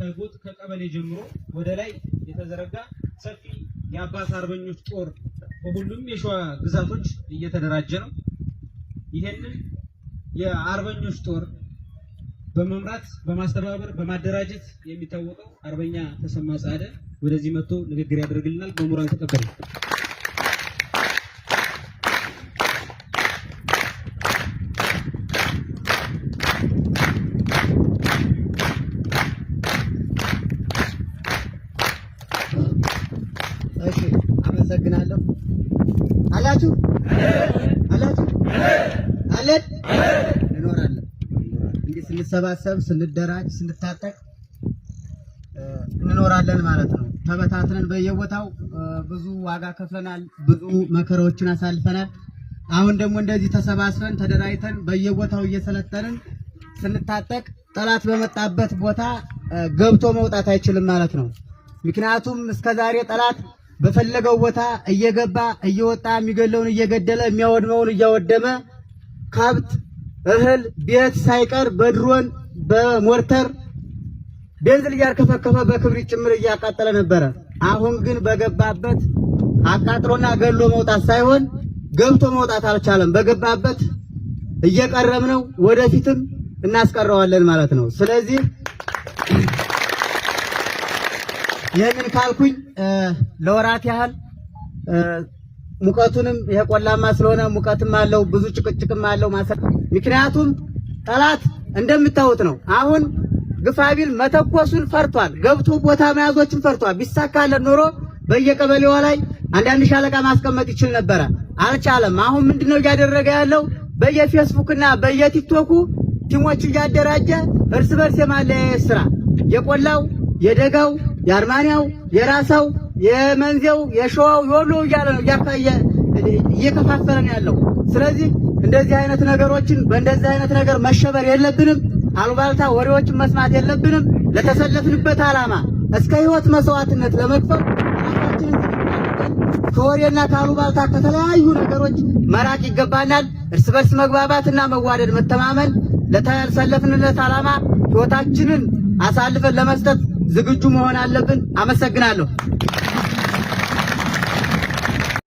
ከጎጥ ከቀበሌ ጀምሮ ወደ ላይ የተዘረጋ ሰፊ የአባት አርበኞች ጦር በሁሉም የሸዋ ግዛቶች እየተደራጀ ነው። ይሄንን የአርበኞች ጦር በመምራት በማስተባበር በማደራጀት የሚታወቀው አርበኛ ተሰማ ጻደ ወደዚህ መጥቶ ንግግር ያደርግልናል። መምህራን ተቀበሉ። እሺ፣ አመሰግናለሁ። አላችሁ አላችሁ አለን እንኖራለን። እንግዲህ ስንሰባሰብ፣ ስንደራጅ፣ ስንታጠቅ እንኖራለን ማለት ነው። ተበታትነን በየቦታው ብዙ ዋጋ ከፍለናል፣ ብዙ መከራዎችን አሳልፈናል። አሁን ደግሞ እንደዚህ ተሰባስበን ተደራጅተን በየቦታው እየሰለጠንን ስንታጠቅ ጠላት በመጣበት ቦታ ገብቶ መውጣት አይችልም ማለት ነው። ምክንያቱም እስከዛሬ ጠላት በፈለገው ቦታ እየገባ እየወጣ የሚገለውን እየገደለ የሚያወድመውን እያወደመ ከብት፣ እህል፣ ቤት ሳይቀር በድሮን በሞርተር ቤንዝል እያርከፈከፈ በክብሪት ጭምር እያቃጠለ ነበረ። አሁን ግን በገባበት አቃጥሎና ገሎ መውጣት ሳይሆን ገብቶ መውጣት አልቻለም። በገባበት እየቀረም ነው ወደፊትም እናስቀረዋለን ማለት ነው። ስለዚህ ይህንን ካልኩኝ ለወራት ያህል ሙቀቱንም ይሄ ቆላማ ስለሆነ ሙቀትም አለው፣ ብዙ ጭቅጭቅም አለው። ማሰር ምክንያቱም ጠላት እንደምታዩት ነው። አሁን ግፋቢል መተኮሱን ፈርቷል፣ ገብቶ ቦታ መያዞችን ፈርቷል። ቢሳካለን ኖሮ በየቀበሌዋ ላይ አንዳንድ ሻለቃ ማስቀመጥ ይችል ነበረ፣ አልቻለም። አሁን ምንድነው እያደረገ ያለው? በየፌስቡክና በየቲክቶኩ ቲሞች እያደራጀ እርስ በርስ የማለያየት ስራ የቆላው የደጋው የአርማንያው፣ የራሳው፣ የመንዜው፣ የሸዋው፣ የወሎ እያለ ነው እያፋየ እየከፋፈለ ነው ያለው። ስለዚህ እንደዚህ አይነት ነገሮችን በእንደዚህ አይነት ነገር መሸበር የለብንም። አሉባልታ ወሬዎችን መስማት የለብንም። ለተሰለፍንበት ዓላማ እስከ ህይወት መስዋዕትነት ለመክፈል ከወሬና ከአሉባልታ ከተለያዩ ነገሮች መራቅ ይገባናል። እርስ በርስ መግባባትና መዋደድ፣ መተማመን ለተሰለፍንለት ዓላማ ህይወታችንን አሳልፈን ለመስጠት ዝግጁ መሆን አለብን። አመሰግናለሁ።